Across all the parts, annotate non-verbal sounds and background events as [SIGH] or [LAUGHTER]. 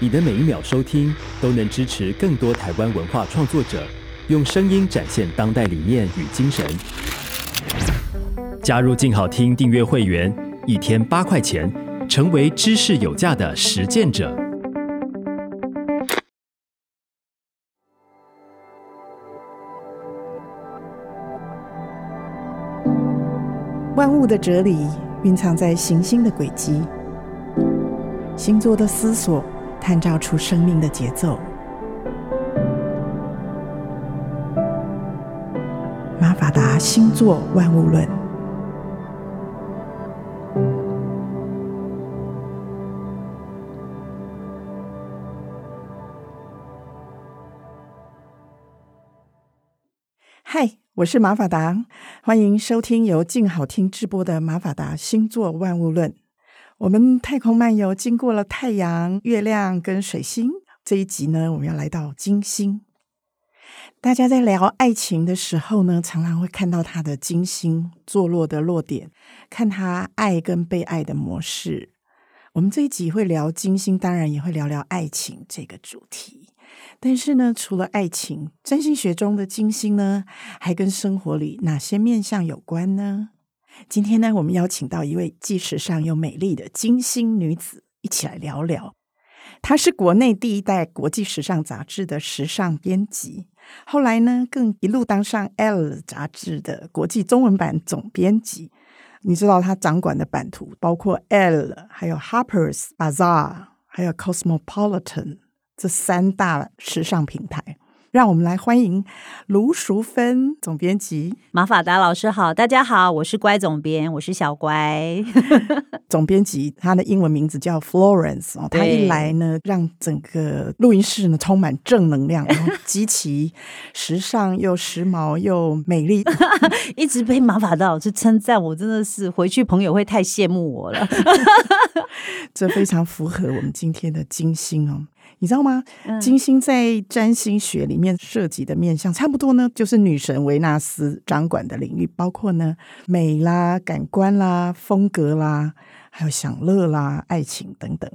你的每一秒收聽，都能支持更多台灣文化創作者，用聲音展現當代理念與精神。加入靜好聽訂閱會員，一天八塊錢，成為知識有價的實踐者。萬物的哲理蘊藏在行星的軌跡，星座的思索。探照出生命的節奏，《瑪法達星座萬物論》。嗨，我是瑪法達，歡迎收聽由靜好聽直播的《瑪法達星座萬物論》。我們太空漫遊經過了太陽、月亮跟水星。這一集呢，我們要來到金星。大家在聊愛情的時候呢，常常會看到他的金星坐落的落點，看他愛跟被愛的模式。我們這一集會聊金星，當然也會聊聊愛情這個主題。但是呢，除了愛情，占星學中的金星呢，還跟生活裡哪些面向有關呢？今天呢，我們邀請到一位既時尚又美麗的金星女子，一起來聊聊。她是國內第一代國際時尚雜誌的時尚編輯，後來呢，更一路當上《L》雜誌的國際中文版總編輯。你知道她掌管的版圖包括《L》，還有《Harper's Bazaar》，還有《Cosmopolitan》這三大時尚平台。讓我們來歡迎盧淑芬總編輯。馬法達老師好。大家好，我是乖總編，我是小乖。總編輯他的英文名字叫 Florence 哦，他一來呢，讓整個錄音室呢充滿正能量，極其時尚又時髦又美麗， [LAUGHS] 一直被馬法達老師稱讚，我真的是回去朋友會太羨慕我了。 [LAUGHS] 這非常符合我們今天的金星哦。你知道嗎？金星在占星學裡面涉及的面向差不多呢，就是女神維納斯掌管的領域，包括呢美啦、感官啦、風格啦，還有享樂啦、愛情等等。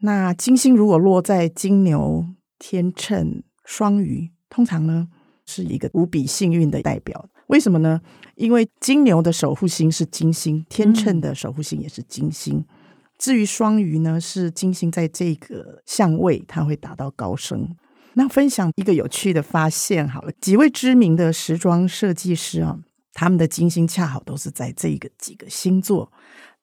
那金星如果落在金牛、天秤、雙魚，通常呢是一個無比幸運的代表。為什麼呢？因為金牛的守護星是金星，天秤的守護星也是金星。嗯至於雙魚呢，是金星在這個相位，它會達到高升。那分享一個有趣的發現好了，幾位知名的時裝設計師啊，他們的金星恰好都是在這個幾個星座，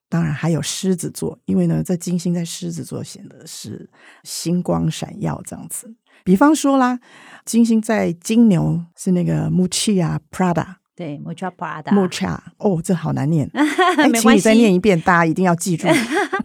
當然還有獅子座，因為呢，這金星在獅子座顯得是星光閃耀這樣子。比方說啦，金星在金牛是那個木恰啊，Prada，對，木恰 Prada，穆恰，Mucha, 哦，這好難念，沒關係， [LAUGHS] 請你再念一遍， [LAUGHS] 大家一定要記住。 [LAUGHS]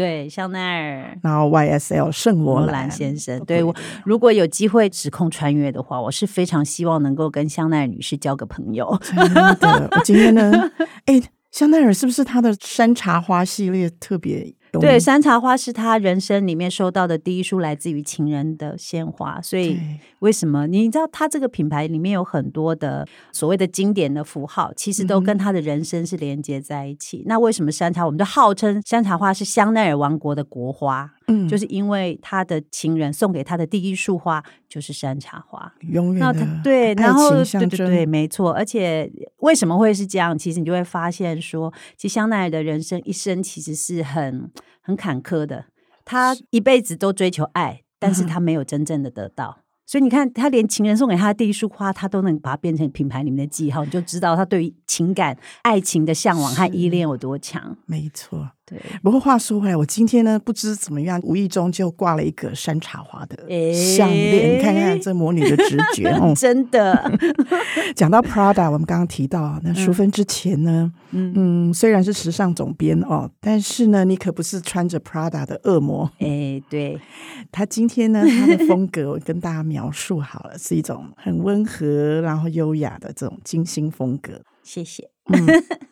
對香奈兒，然後 YSL 聖羅蘭，蘭先生，對，對我如果有機會時空穿越的話，我是非常希望能夠跟香奈兒女士交個朋友。對， [LAUGHS] 我今天呢，哎， [LAUGHS] 香奈兒是不是她的山茶花系列特別？懂對，山茶花是他人生裡面收到的第一束來自於情人的鮮花，所以為什麼對你知道他這個品牌裡面有很多的所謂的經典的符號，其實都跟他的人生是連接在一起。嗯、哼那為什麼山茶，我們就號稱山茶花是香奈兒王國的國花？嗯，就是因為他的情人送給他的第一束花就是山茶花，永遠的。那他對，然後對對對，沒錯。而且為什麼會是這樣？其實你就會發現說，其實香奈兒的人生一生其實是很很坎坷的。他一輩子都追求愛，是但是他沒有真正的得到。嗯。所以你看，他連情人送給他的第一束花，他都能把它變成品牌裡面的記號，你就知道他對於情感、愛情的向往和依戀有多強。沒錯。對不過話說回來，我今天呢不知怎麼樣，無意中就掛了一個山茶花的項鏈，欸、你看看這魔女的直覺哦，嗯、真的。 [LAUGHS] 講到 Prada，我們剛剛提到那淑芬之前呢，嗯，嗯，雖然是時尚總編哦，但是呢，你可不是穿着 Prada 的惡魔。哎、欸，對，她今天呢，她的風格我跟大家描述好了， [LAUGHS] 是一種很溫和然後優雅的這種精心風格。謝謝。嗯 [LAUGHS]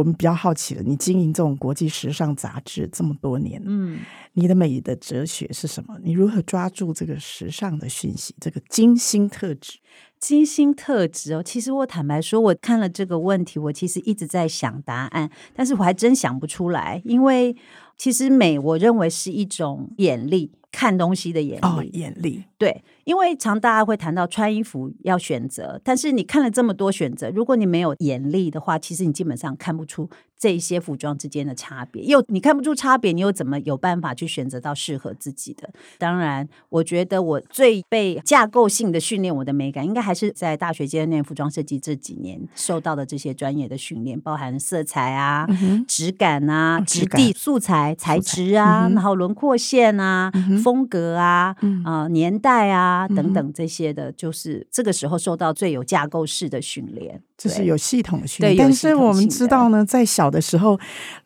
我們比較好奇了，你經營這種國際時尚雜誌這麼多年，嗯，你的美的哲學是什麼？你如何抓住這個時尚的訊息？這個金星特質，金星特質哦。其實我坦白說，我看了這個問題，我其實一直在想答案，但是我還真想不出來，因為其實美，我認為是一種眼力。看東西的眼力，哦，眼力。對，因為常大家會談到穿衣服要選擇，但是你看了這麼多選擇，如果你沒有眼力的話，其實你基本上看不出這些服裝之間的差別。又你看不出差別，你又怎麼有辦法去選擇到適合自己的？當然，我覺得我最被架構性的訓練我的美感，應該還是在大學階段服裝設計這幾年受到的這些專業的訓練，包含色彩啊、嗯、哼質感啊、質地、素材、材質啊，然後輪廓線啊。嗯哼風格啊，啊、嗯呃、年代啊等等這些的，嗯、就是這個時候受到最有架構式的訓練，就是有系統的訓練。對但是我們知道呢，在小的時候，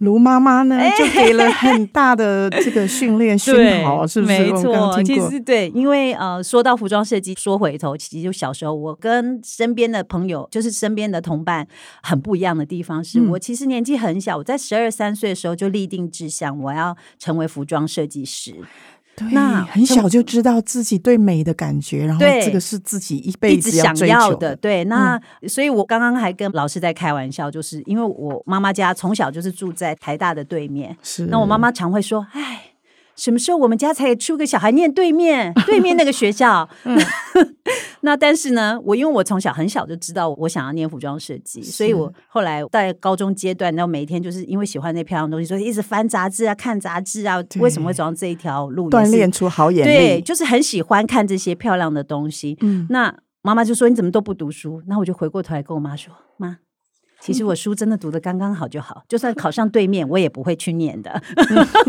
盧媽媽呢就給了很大的這個訓練訓練，哎、是不是？ [LAUGHS] 對我們剛剛聽過，對。因為呃，說到服裝設計，說回頭，其實就小時候，我跟身邊的朋友，就是身邊的同伴，很不一樣的地方是，嗯、我其實年紀很小，我在十二三歲的時候就立定志向，我要成為服裝設計師。那很小就知道自己對美的感覺，那然後這個是自己一輩子想要的。對，那、嗯、所以我剛剛還跟老師在開玩笑，就是因為我媽媽家從小就是住在台大的對面，是那我媽媽常會說：“哎。”什麼時候我們家才出個小孩念對面對面那個學校？ [LAUGHS] 嗯、 [LAUGHS] 那但是呢，我因為我從小很小就知道我想要念服裝設計，是所以我後來在高中階段，然後每天就是因為喜歡那漂亮的東西，所以一直翻雜誌啊、看雜誌啊。對為什麼會走上這一條路是？鍛鍊出好眼力，對，就是很喜歡看這些漂亮的東西。嗯、那媽媽就說：“你怎麼都不讀書？”那我就回過頭來跟我媽說：“媽。”其實我書真的讀得剛剛好就好，就算考上對面我也不會去念的，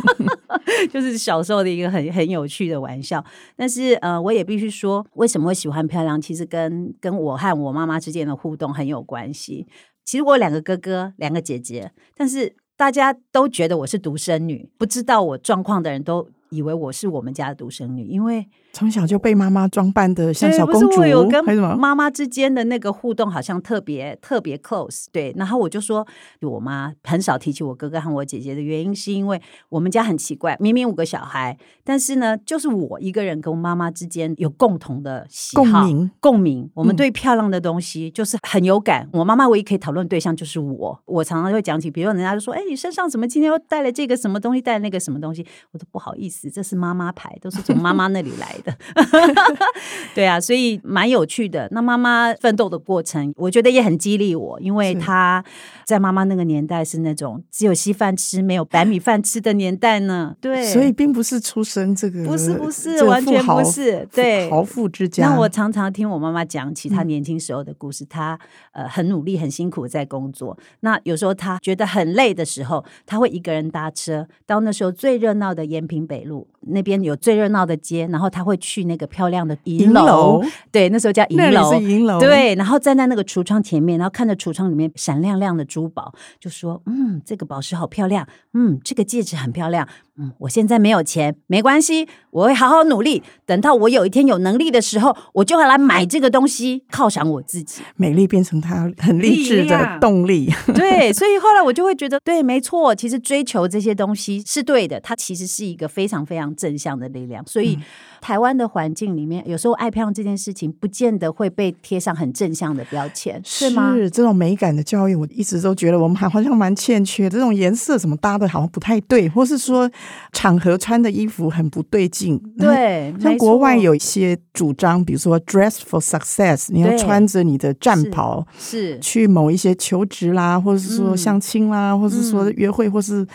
[LAUGHS] 就是小時候的一個很很有趣的玩笑。但是呃，我也必須說，為什麼會喜歡漂亮，其實跟跟我和我媽媽之間的互動很有關係。其實我有兩個哥哥，兩個姐姐，但是大家都覺得我是獨生女，不知道我狀況的人都以為我是我們家的獨生女，因為。從小就被媽媽裝扮的像小公主。對，還是跟媽媽之間的那個互動好像特別特別 close。對，然後我就說，我媽很少提起我哥哥和我姐姐的原因，是因為我們家很奇怪，明明五個小孩，但是呢，就是我一個人跟媽媽之間有共同的喜好、共鳴鳴。我們對漂亮的東西就是很有感。嗯、我媽媽唯一可以討論對象就是我，我常常會講起，比如說人家就說：“哎、欸，你身上怎麼今天又帶了這個什麼東西，帶那個什麼東西？”我都不好意思，這是媽媽牌，都是從媽媽那裡來的。 [LAUGHS] [LAUGHS] 對啊，所以蠻有趣的。那媽媽奮鬥的過程，我覺得也很激勵我，因為她在媽媽那個年代是那種只有稀飯吃、沒有白米飯吃的年代呢。對，所以並不是出生，這個不是不是完全不是對富豪富之家。那我常常聽我媽媽講起她年輕時候的故事，她呃很努力、很辛苦在工作。那有時候她覺得很累的時候，她會一個人搭車到那時候最熱鬧的延平北路。那邊有最熱鬧的街，然後他會去那個漂亮的銀樓，銀樓？對，那時候叫銀樓，銀樓對，然後站在那個櫥窗前面，然後看着櫥窗裡面閃亮亮的珠寶，就說：“嗯，這個寶石好漂亮，嗯，這個戒指很漂亮。”嗯，我現在沒有錢，沒關係，我會好好努力。等到我有一天有能力的時候，我就會來買這個東西，犒賞我自己。美麗變成他很勵志的動力，啊、 [LAUGHS] 對。所以後來我就會覺得，對，沒錯，其實追求這些東西是對的，它其實是一個非常非常正向的力量。所以、嗯、台灣的環境裡面，有時候愛漂亮這件事情不見得會被貼上很正向的標籤，是嗎？這種美感的教育，我一直都覺得我們好像蠻欠缺。這種顏色怎麼搭的好像不太對，或是說。場合穿的衣服很不對勁。對，像國外有一些主張，比如說 dress for success。對你要穿着你的戰袍是，是去某一些求職啦，或是說相親啦，嗯、或是說約會，嗯、或是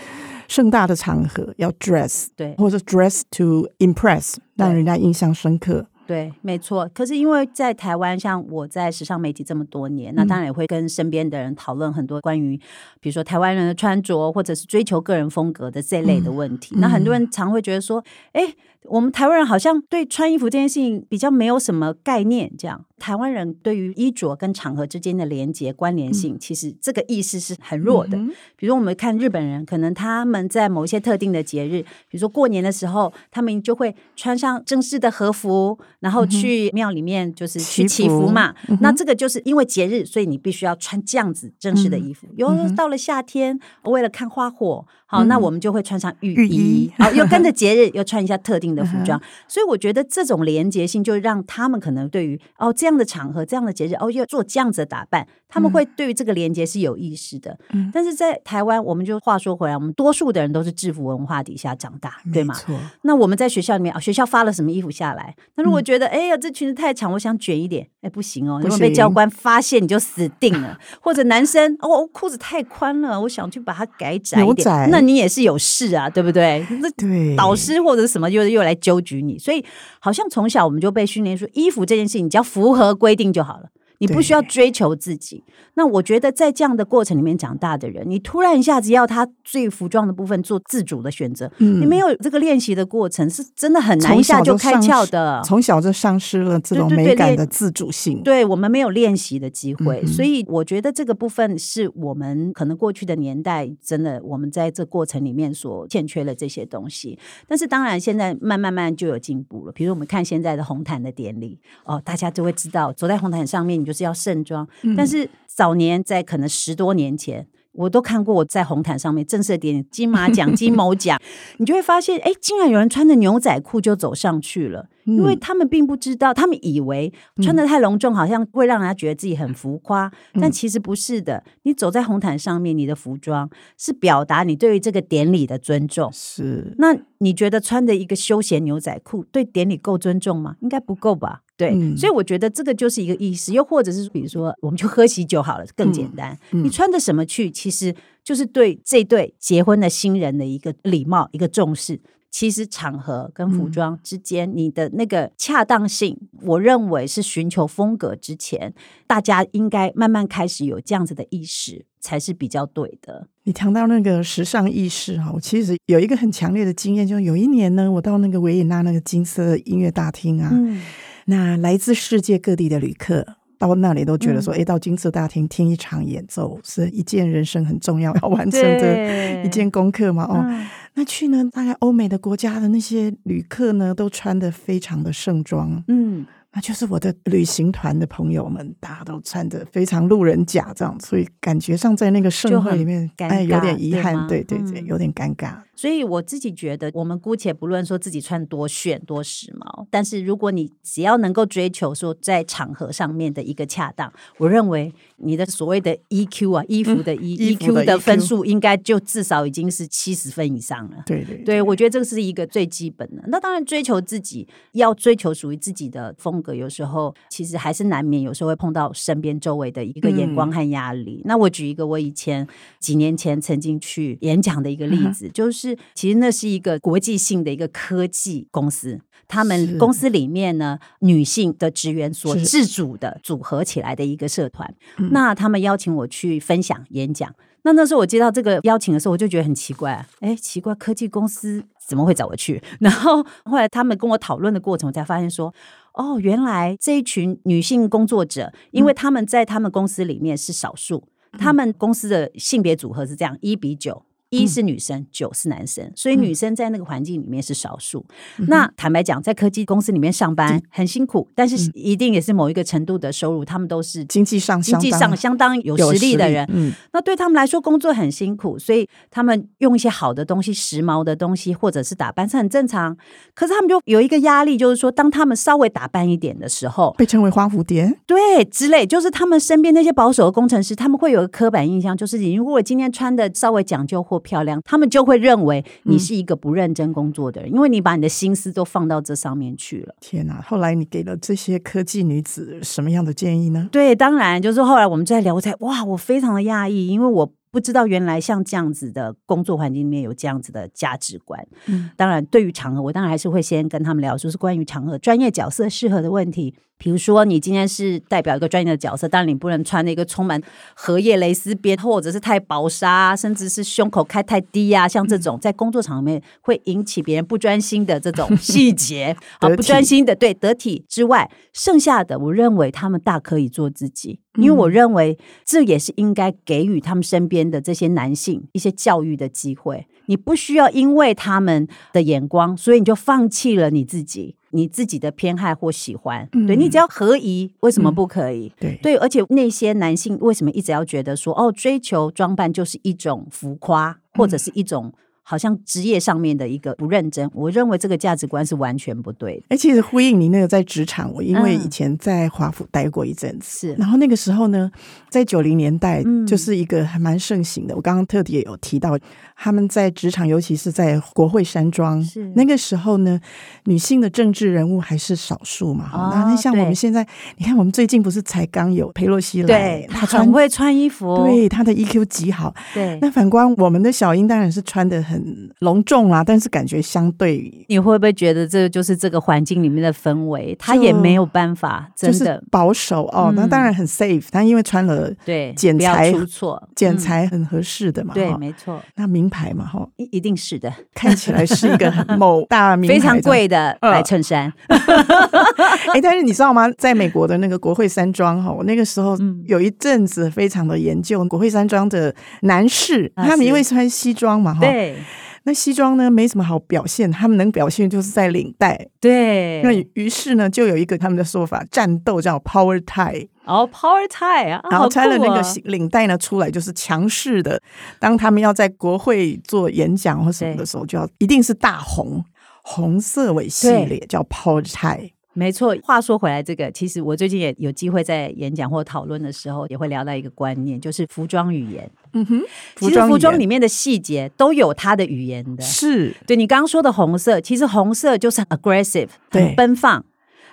盛大的場合要 dress，對，或者 dress to impress，讓人家印象深刻。對，沒錯。可是因為在台灣，像我在時尚媒體這麼多年，嗯、那當然也會跟身邊的人討論很多關於，比如說台灣人的穿着，或者是追求個人風格的這類的問題。嗯嗯、那很多人常會覺得說，哎、欸，我們台灣人好像對穿衣服這件事情比較沒有什麼概念，這樣。臺灣人對於衣着跟場合之間的連接關聯性，嗯、其實這個意識是很弱的。嗯、哼比如我們看日本人，可能他們在某一些特定的節日，比如說過年的時候，他們就會穿上正式的和服，然後去廟裡面就是去祈福嘛。福嗯、那這個就是因為節日，所以你必須要穿這樣子正式的衣服。嗯、哼又到了夏天，為了看花火，嗯、哼好，那我們就會穿上浴衣。好浴衣、 [LAUGHS] 哦，又跟着節日又穿一下特定的服裝。嗯、哼所以我覺得這種連接性，就讓他們可能對於哦這樣。這樣的場合，這樣的節日哦，要做這樣子的打扮，他們會對於這個連接是有意識的。嗯，但是在台灣，我們就話說回來，我們多數的人都是制服文化底下長大，對嗎？錯那我們在學校裡面啊，學校發了什麼衣服下來？那如果覺得哎呀、嗯欸，這裙子太長，我想捲一點，哎、欸，不行哦、喔，因為被教官發現你就死定了。行或者男生哦，褲子太寬了，我想去把它改窄點，窄那你也是有事啊，對不對？對那導師或者什麼又又來糾舉你，所以好像從小我們就被訓練說，衣服這件事情你只要符合合規定就好了。你不需要追求自己。對那我覺得，在這樣的過程裡面長大的人，你突然一下子要他對服裝的部分做自主的選擇，嗯、你沒有這個練習的過程，是真的很難一下就開竅的。從小就喪失了這種美感的自主性。對，對，對，對，對我們沒有練習的機會，嗯嗯，所以我覺得這個部分是我們可能過去的年代真的我們在這過程裡面所欠缺了這些東西。但是當然，現在慢，慢慢慢就有進步了。比如我們看現在的紅毯的典禮，哦，大家就會知道走在紅毯上面你就就是要盛裝，嗯、但是早年在可能十多年前，我都看過我在紅毯上面正式典禮，金馬獎、金某獎， [LAUGHS] 你就會發現，哎、欸，竟然有人穿着牛仔褲就走上去了，嗯、因為他們並不知道，他們以為穿得太隆重，嗯、好像會讓人家覺得自己很浮誇，嗯、但其實不是的。你走在紅毯上面，你的服裝是表達你對於這個典禮的尊重。是，那你覺得穿着一個休閒牛仔褲對典禮夠尊重嗎？應該不夠吧。對，所以我覺得這個就是一個意思，又或者是比如說，我們就喝喜酒好了，更簡單。嗯嗯、你穿着什麼去，其實就是對這對結婚的新人的一個禮貌、一個重視。其實場合跟服裝之間，嗯、你的那個恰當性，我認為是尋求風格之前，大家應該慢慢開始有這樣子的意識，才是比較對的。你談到那個時尚意識哈，我其實有一個很強烈的經驗，就有一年呢，我到那個維也納那個金色音樂大廳啊，嗯、那來自世界各地的旅客到那裡都覺得說，哎、嗯欸，到金色大廳聽一場演奏是一件人生很重要要完成的對一件功課嘛。哦，嗯、那去呢，大概歐美的國家的那些旅客呢，都穿得非常的盛裝，嗯。那就是我的旅行團的朋友們，大家都穿着非常路人甲這樣，所以感覺上在那個盛會裡面，哎，有點遺憾，對嗎？對對對，有點尷尬。嗯。所以我自己覺得，我們姑且不論說自己穿多炫多時髦，但是如果你只要能夠追求說在場合上面的一個恰當，我認為。你的所謂的 EQ 啊，衣服的 E，EQ，嗯，的分數應該就至少已經是七十分以上了。對對、對、對、對，對我覺得這個是一個最基本的。那當然，追求自己要追求屬於自己的風格，有時候其實還是難免有時候會碰到身邊周圍的一個眼光和壓力。嗯，那我舉一個我以前幾年前曾經去演講的一個例子。嗯，就是其實那是一個國際性的一個科技公司，他們公司裡面呢是女性的職員所自主的組合起來的一個社團。是嗯那他們邀請我去分享演講，那那時候我接到這個邀請的時候，我就覺得很奇怪、啊，哎、欸，奇怪，科技公司怎麼會找我去？然後後來他們跟我討論的過程，我才發現說，哦，原來這一群女性工作者，因為他們在他們公司裡面是少數，嗯、他們公司的性別組合是這樣一比九。一是女生，嗯、九是男生，所以女生在那個環境裡面是少數。嗯、那坦白講，在科技公司裡面上班、嗯、很辛苦，但是一定也是某一個程度的收入，嗯、他們都是經濟上經濟上相當有實力的人。嗯，那對他們來說，工作很辛苦，所以他們用一些好的東西、時髦的東西，或者是打扮是很正常。可是他們就有一個壓力，就是說，當他們稍微打扮一點的時候，被稱為花蝴蝶，對之類，就是他們身邊那些保守的工程師，他們會有一個刻板印象，就是你如果今天穿的稍微講究或漂亮，他們就會認為你是一個不認真工作的人，嗯、因為你把你的心思都放到這上面去了。天哪！後來你給了這些科技女子什麼樣的建議呢？對，當然就是後來我們在聊，在哇，我非常的訝異，因為我不知道原來像這樣子的工作環境裡面有這樣子的價值觀。嗯，當然，對於場合，我當然還是會先跟他們聊，說是關於場合、專業角色適合的問題。比如說，你今天是代表一個專業的角色，但你不能穿那一個充滿荷葉蕾絲邊，或者是太薄紗，甚至是胸口開太低呀、啊，像這種、嗯、在工作場面會引起別人不專心的這種細節， [LAUGHS] 得體。啊，不專心的，對，得體之外，剩下的我認為他們大可以做自己，嗯、因為我認為這也是應該給予他們身邊的這些男性一些教育的機會。你不需要因為他們的眼光，所以你就放棄了你自己，你自己的偏愛或喜歡。嗯、對，你只要合宜，為什麼不可以？嗯、對，對而且那些男性為什麼一直要覺得說哦，追求裝扮就是一種浮誇，或者是一種。好像職業上面的一個不認真，我認為這個價值觀是完全不對的。哎，其實呼應你那個在職場，我因為以前在華府待過一陣子、嗯，是。然後那個時候呢，在九零年代，嗯、就是一個還蠻盛行的。我剛剛特地也有提到，他們在職場，尤其是在國會山莊，是那個時候呢，女性的政治人物還是少數嘛。哦、那像我們現在，對你看我們最近不是才剛有佩洛西來對？他穿很會穿衣服，對，他的 EQ 極好。對，那反觀我們的小英，當然是穿得很。隆重啊，但是感覺相對，你會不會覺得這就是這個環境裡面的氛圍？他也沒有辦法，真的保守哦。那當然很 safe，他因為穿了對，剪裁出錯，剪裁很合適的嘛。對，沒錯。那名牌嘛，哈，一定是的。看起來是一個很某大名牌非常貴的白襯衫。哎，但是你知道嗎？在美國的那個國會山莊，哈，我那個時候有一陣子非常的研究國會山莊的男士，他們因為穿西裝嘛，哈。對。那西裝呢，沒什麼好表現，他們能表現就是在領帶。對，那於是呢，就有一個他們的說法，戰鬥叫 power tie，哦、oh，power tie 啊，然後穿了那個領帶呢、喔、出來就是強勢的。當他們要在國會做演講或什麼的時候，對就要一定是大紅，紅色為系列對叫 power tie。沒錯。話說回來，這個其實我最近也有機會在演講或討論的時候，也會聊到一個觀念，就是服裝語言。嗯哼，其實服裝裡面的細節都有它的語言的，是。對，你剛說的紅色，其實紅色就是 aggressive，對很奔放。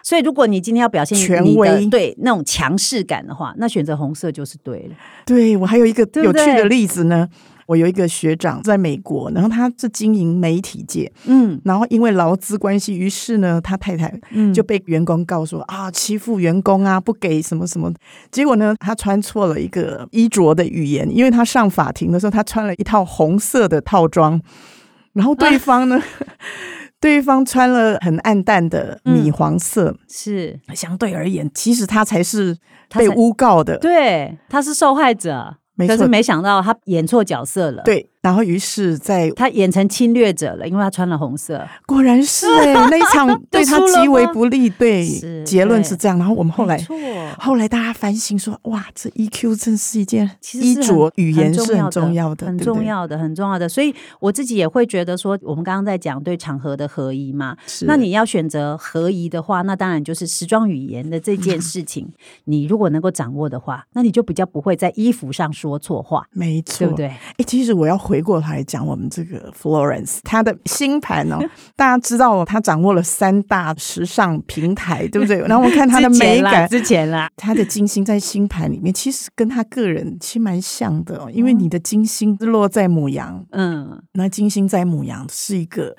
所以如果你今天要表現權威，對那種強勢感的話，那選擇紅色就是對了。對，我還有一個有趣的例子呢。對我有一個學長在美國，然後他是經營媒體界，嗯，然後因為勞資關係，於是呢，他太太嗯就被員工告訴、嗯、啊欺負員工啊不給什麼什麼，結果呢，他穿錯了一個衣着的語言，因為他上法庭的時候，他穿了一套紅色的套裝，然後對方呢，啊、 [LAUGHS] 對方穿了很暗淡的米黃色，嗯、是相對而言，其實他才是被誣告的，對，他是受害者。可是沒想到他演錯角色了，對，然後於是在他演成侵略者了，因為他穿了紅色，果然是哎、欸，那一場對他極為不利， [LAUGHS] 對，對對結論是這樣。然後我們後來。後來大家反省說：“哇，這 EQ 真是一件衣着，其實語言是很重要的，很重要的，很重要的。所以我自己也會覺得說，我們剛剛在講對場合的合宜嘛。是那你要選擇合宜的話，那當然就是時裝語言的這件事情。嗯、你如果能夠掌握的話，那你就比較不會在衣服上說錯話。沒錯，對不對、欸？其實我要回過來講，我們這個 Florence 他的星盤呢、哦， [LAUGHS] 大家知道，他掌握了三大時尚平台，對不對？ [LAUGHS] 然後我們看他的美感之，之前啦。 [LAUGHS] 他的金星在星盤裡面，其實跟他個人其實蠻像的哦，因為你的金星落在牡羊，嗯，那金星在牡羊是一個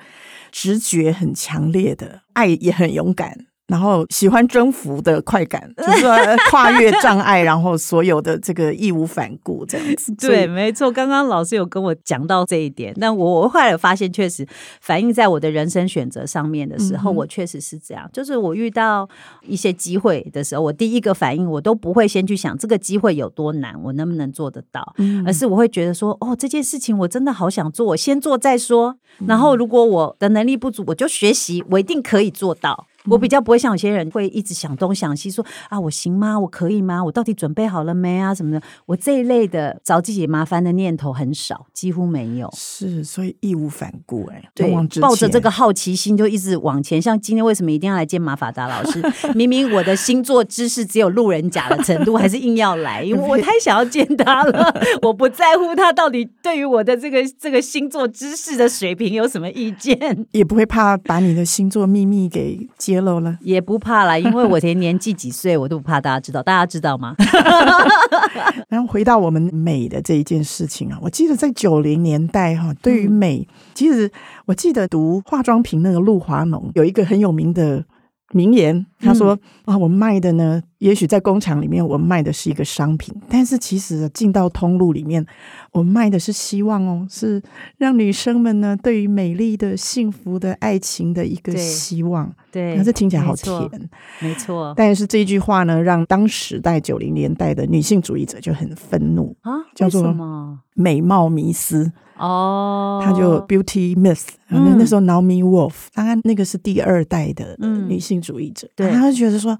直覺很強烈的，愛也很勇敢。然後喜歡征服的快感，就是說跨越障礙， [LAUGHS] 然後所有的這個義無反顧這樣子。對，沒錯。剛剛老師有跟我講到這一點，那我我後來發現，確實反映在我的人生選擇上面的時候，嗯、哼我確實是這樣。就是我遇到一些機會的時候，我第一個反應我都不會先去想這個機會有多難，我能不能做得到？嗯、而是我會覺得說，哦，這件事情我真的好想做，我先做再說。然後如果我的能力不足，我就學習，我一定可以做到。我比較不會像有些人會一直想東想西說，說啊，我行嗎？我可以嗎？我到底準備好了沒啊？什麼的，我這一類的找自己麻煩的念頭很少，幾乎沒有。是，所以義無反顧，欸，哎，對，抱着這個好奇心就一直往前。像今天為什麼一定要來見馬法達老師？ [LAUGHS] 明明我的星座知識只有路人甲的程度， [LAUGHS] 還是硬要來，因為我太想要見他了。 [LAUGHS] 我不在乎他到底對於我的這個這個星座知識的水平有什麼意見，也不會怕把你的星座祕密給揭。也不怕啦，因為我才年紀幾歲， [LAUGHS] 我都不怕。大家知道，大家知道嗎？ [LAUGHS] 然後回到我們美的這一件事情啊，我記得在九零年代哈、啊，對於美，其實我記得讀化妝品那個露華濃有一個很有名的名言。他說：“嗯、啊，我賣的呢，也許在工廠裡面我賣的是一個商品，但是其實進到通路裡面，我賣的是希望哦，是讓女生們呢對於美麗的、幸福的愛情的一個希望。對，對是聽起來好甜，沒錯。沒但是這一句話呢，讓當時代九零年代的女性主義者就很憤怒啊，叫做‘美貌迷思’哦，他就 Beauty Myth、嗯。那、嗯、那時候 Naomi Wolf，當然那個是第二代的女性主義者，嗯、對。”他會覺得說，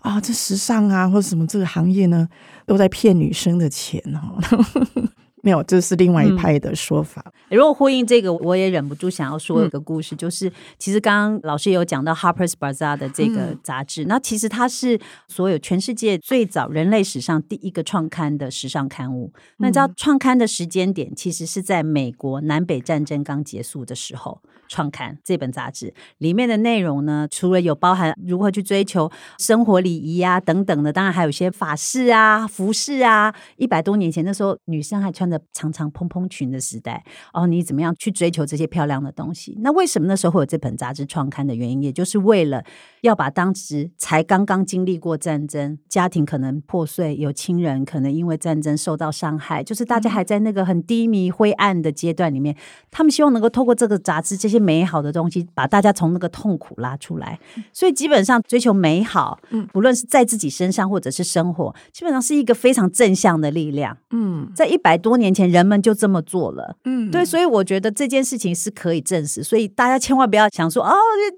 啊、哦，這時尚啊，或者什麼這個行業呢，都在騙女生的錢哈、哦。 [LAUGHS] 沒有，這是另外一派的說法。嗯如果呼應這個，我也忍不住想要說一個故事，嗯、就是其實剛剛老師有講到《Harper's Bazaar》的這個雜誌，嗯、那其實它是所有全世界最早人類史上第一個創刊的時尚刊物。嗯、那你知道創刊的時間點，其實是在美國南北戰爭剛結束的時候創刊這本雜誌。裡面的內容呢，除了有包含如何去追求生活禮儀啊等等的，當然還有一些髮飾啊、服飾啊。一百多年前那時候，女生還穿着長長蓬蓬裙的時代哦。你怎麼樣去追求這些漂亮的東西？那為什麼那時候會有這本雜誌創刊的原因，也就是為了要把當時才剛剛經歷過戰爭、家庭可能破碎、有親人可能因為戰爭受到傷害，就是大家還在那個很低迷灰暗的階段裡面，他們希望能夠透過這個雜誌、這些美好的東西，把大家從那個痛苦拉出來。所以基本上追求美好，不論是在自己身上或者是生活，基本上是一個非常正向的力量。嗯，在一百多年前，人們就這麼做了。嗯，對。所以我覺得這件事情是可以證實，所以大家千萬不要想說哦，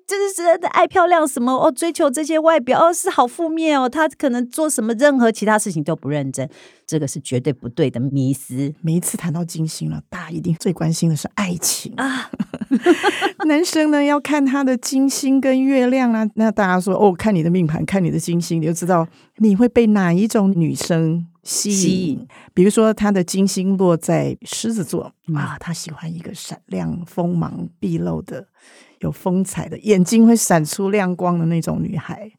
這是真的愛漂亮什麼哦，追求這些外表哦，是好負面哦，他可能做什麼任何其他事情都不認真。這個是絕對不對的迷思。每一次談到金星，大家一定最關心的是愛情啊。 [LAUGHS] 男生呢，要看他的金星跟月亮啊。那大家說哦，看你的命盤，看你的金星，你就知道你會被哪一種女生吸引。吸引。比如說他的金星落在獅子座、嗯、啊，他喜歡一個閃亮、鋒芒畢露的、有風采的、眼睛會閃出亮光的那種女孩。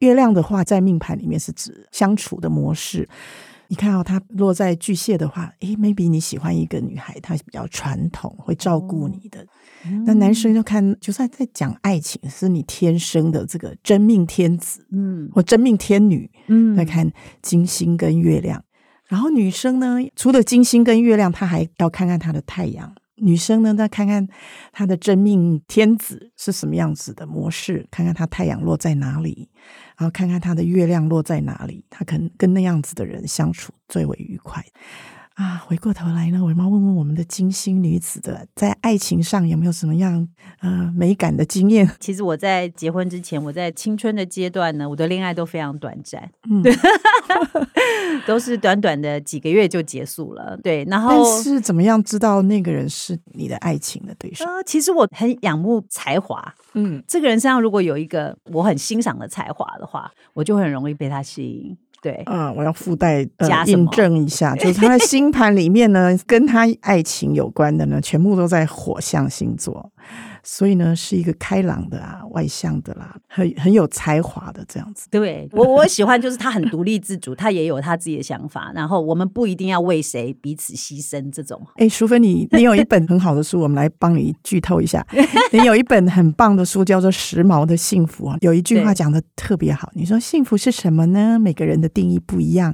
月亮的話，在命盤裡面是指相處的模式。你看哦，他落在巨蟹的話，誒，maybe 你喜歡一個女孩，她比較傳統，會照顧你的。哦你的嗯、那男生就看，就算在講愛情，是你天生的這個真命天子，嗯，或真命天女，嗯，在看金星跟月亮。嗯、然後女生呢，除了金星跟月亮，她還要看看她的太陽。女生呢，再看看她的真命天子是什麼樣子的模式，看看她太陽落在哪裡，然後看看她的月亮落在哪裡，她可能跟那樣子的人相處最為愉快。啊，回過頭來呢，我想要問問我們的金星女子的，在愛情上有沒有什麼樣呃美感的經驗？其實我在結婚之前，我在青春的階段呢，我的戀愛都非常短暫，嗯，都是短短的幾個月就結束了。對，然後但是怎麼樣知道那個人是你的愛情的對手？啊，呃，其實我很仰慕才華，嗯，這個人身上如果有一個我很欣賞的才華的話，我就很容易被他吸引。對，嗯，我要附帶呃印證一下，就是他的星盤裡面呢， [LAUGHS] 跟他愛情有關的呢，全部都在火象星座。所以呢，是一個開朗的啊，外向的啦、啊，很很有才華的這樣子。對，我我喜歡就是他很獨立自主， [LAUGHS] 他也有他自己的想法，然後我們不一定要為誰彼此犧牲這種。哎、欸，淑芬你，你你有一本很好的書， [LAUGHS] 我們來幫你劇透一下。你有一本很棒的書，叫做《時髦的幸福》啊，有一句話講得特別好，對你說幸福是什麼呢？每個人的定義不一樣，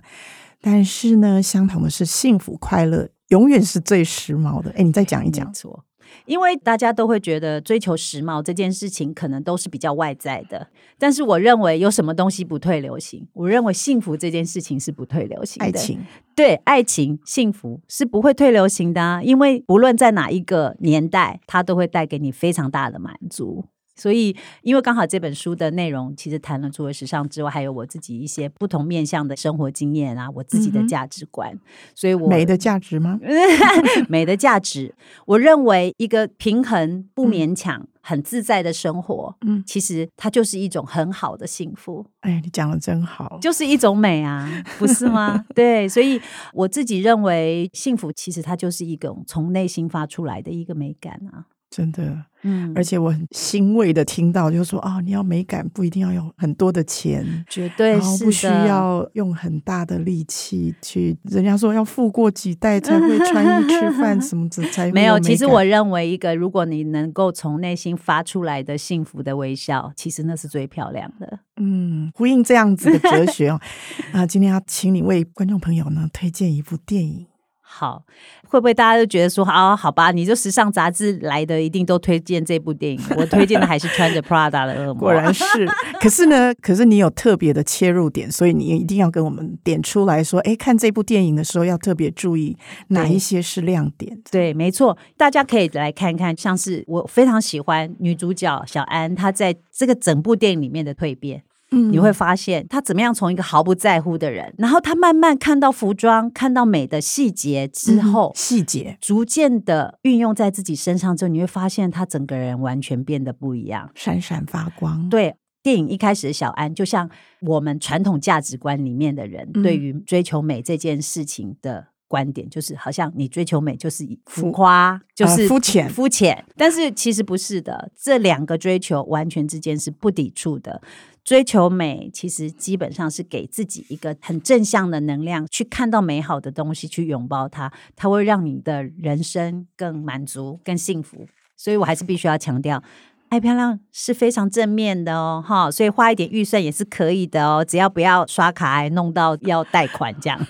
但是呢，相同的是幸福快樂永遠是最時髦的。哎、欸，你再講一講。Okay, 因為大家都會覺得追求時髦這件事情可能都是比較外在的，但是我認為有什麼東西不退流行？我認為幸福這件事情是不退流行的。愛情，對，愛情、幸福是不會退流行的啊，因為不論在哪一個年代，它都會帶給你非常大的滿足。所以，因為剛好這本書的內容，其實談了除了時尚之外，還有我自己一些不同面向的生活經驗啊，我自己的價值觀。嗯、哼所以我，我美的價值嗎？ [LAUGHS] [LAUGHS] 美的價值，我認為一個平衡、不勉強、嗯、很自在的生活，嗯，其實它就是一種很好的幸福。哎呀，你講的真好，就是一種美啊，不是嗎？ [LAUGHS] 對，所以我自己認為，幸福其實它就是一種從內心發出來的一個美感啊。真的，嗯，而且我很欣慰的聽到，就是說啊、嗯哦，你要美感不一定要有很多的錢，絕對是，然後不需要用很大的力氣去。的人家說要富過幾代才會穿衣吃飯什麼的， [LAUGHS] 才有沒有。其實我認為，一個如果你能夠從內心發出來的幸福的微笑，其實那是最漂亮的。嗯，呼應這樣子的哲學哦。那、 [LAUGHS] 啊、今天要請你為觀眾朋友呢推薦一部電影。好，會不會大家都覺得說啊、哦，好吧，你這時尚雜誌來的一定都推薦這部電影，我推薦的還是穿着 Prada 的惡魔。 [LAUGHS] 果然是，可是呢，可是你有特別的切入點，所以你一定要跟我們點出來說，哎、欸，看這部電影的時候要特別注意哪一些是亮點。對，對，沒錯，大家可以來看看，像是我非常喜歡女主角小安，她在這個整部電影裡面的蛻變。 [NOISE] 你會發現他怎麼樣從一個毫不在乎的人，然後他慢慢看到服裝、看到美的細節之後，細節逐漸的運用在自己身上之後，你會發現他整個人完全變得不一樣，閃閃發光。對，電影一開始的小安，就像我們傳統價值觀裡面的人對於追求美這件事情的觀點，就是好像你追求美就是浮誇，就是膚淺、膚淺。但是其實不是的，這兩個追求完全之間是不抵觸的。追求美，其實基本上是給自己一個很正向的能量，去看到美好的東西，去擁抱它，它會讓你的人生更滿足、更幸福。所以我還是必須要強調，愛漂亮是非常正面的哦，哈，所以花一點預算也是可以的哦，只要不要刷卡還弄到要貸款這樣，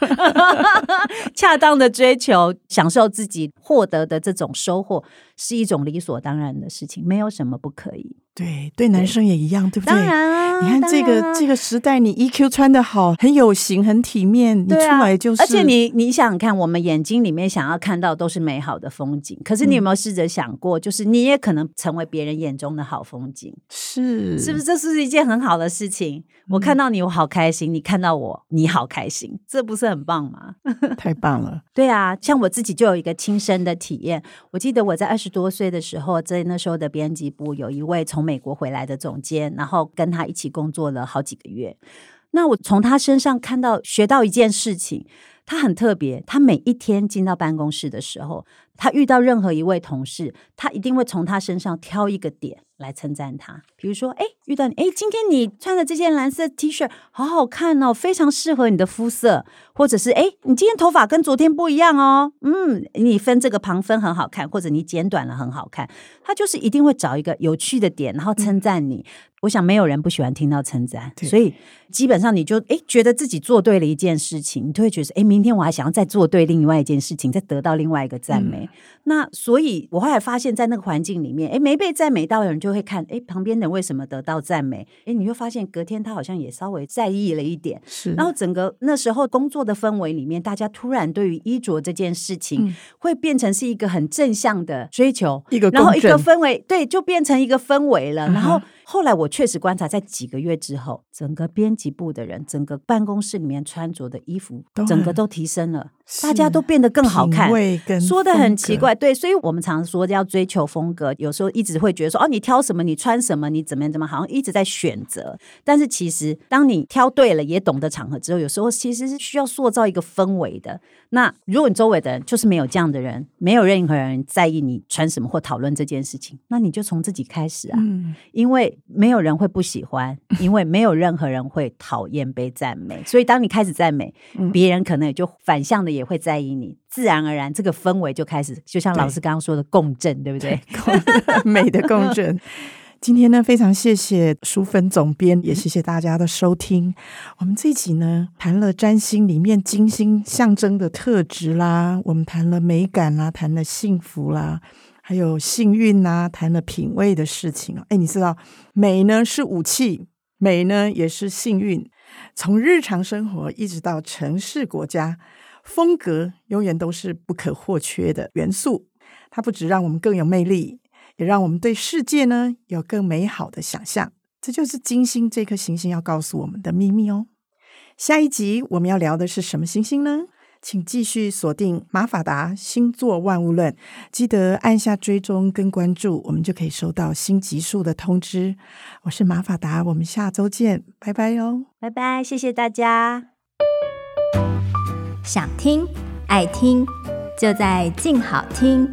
[LAUGHS] 恰當的追求，享受自己獲得的這種收穫。是一種理所當然的事情，沒有什麼不可以。對對，對男生也一樣，對，對不對？當然，你看這個然這個時代，你 EQ 穿得好，很有型，很體面，啊、你出來就是。而且你，你想看，我們眼睛裡面想要看到都是美好的風景。可是你有沒有試着想過，嗯、就是你也可能成為別人眼中的好風景？是，是不是這是是一件很好的事情？嗯、我看到你，我好開心；你看到我，你好開心，這不是很棒嗎？ [LAUGHS] 太棒了！對啊，像我自己就有一個親身的體驗。我記得我在二十。十多歲的時候，在那時候的編輯部，有一位從美國回來的總監，然後跟他一起工作了好幾個月。那我從他身上看到，學到一件事情，他很特別。他每一天進到辦公室的時候，他遇到任何一位同事，他一定會從他身上挑一個點。來稱讚他，比如說，哎，遇到你，哎，今天你穿的這件藍色 T 恤好好看哦，非常適合你的膚色，或者是，哎，你今天頭髮跟昨天不一樣哦，嗯，你分這個旁分很好看，或者你剪短了很好看，他就是一定會找一個有趣的點，然後稱讚你。嗯。我想沒有人不喜歡聽到稱讚，對 所以基本上你就誒、欸、覺得自己做對了一件事情，你就會覺得誒、欸、明天我還想要再做對另外一件事情，再得到另外一個讚美。嗯、那所以我後來發現，在那個環境裡面，哎、欸，沒被讚美到的人就會看哎、欸，旁邊人為什麼得到讚美？哎、欸，你會發現隔天他好像也稍微在意了一點。是，然後整個那時候工作的氛圍裡面，大家突然對於衣着這件事情、嗯、會變成是一個很正向的追求，一個然後一個氛圍，對，就變成一個氛圍了。然後。嗯後來我確實觀察，在幾個月之後，整個編輯部的人，整個辦公室裡面穿着的衣服，對，整個都提升了。大家都變得更好看，說得很奇怪，對，所以我們常說要追求風格，有時候一直會覺得說哦、啊，你挑什麼，你穿什麼，你怎麼樣，怎麼好像一直在選擇。但是其實，當你挑對了，也懂得場合之後，有時候其實是需要塑造一個氛圍的。那如果你周圍的人就是沒有這樣的人，沒有任何人在意你穿什麼或討論這件事情，那你就從自己開始啊，因為沒有人會不喜歡，因為沒有任何人會討厭被讚美。所以當你開始讚美別人，可能也就反向的。也會在意你，自然而然，這個氛圍就開始，就像老師剛剛說的對共振，對不對？對共美的共振。 [LAUGHS] 今天呢，非常謝謝淑芬總編，也謝謝大家的收聽。 [LAUGHS] 我們這一集呢，談了占星裡面金星象徵的特質啦，我們談了美感啦，談了幸福啦，還有幸運啦，談了品味的事情啊。哎，你知道，美呢是武器，美呢也是幸運。從日常生活一直到城市、國家。風格永遠都是不可或缺的元素，它不只讓我們更有魅力，也讓我們對世界呢有更美好的想象。這就是金星這顆行星要告訴我們的秘密哦。下一集我們要聊的是什麼星星呢？請繼續鎖定馬法達星座萬物論，記得按下追蹤跟關注，我們就可以收到新集數的通知。我是馬法達，我們下周見，拜拜喲、哦，拜拜，謝謝大家。想聽、愛聽，就在鏡好聽。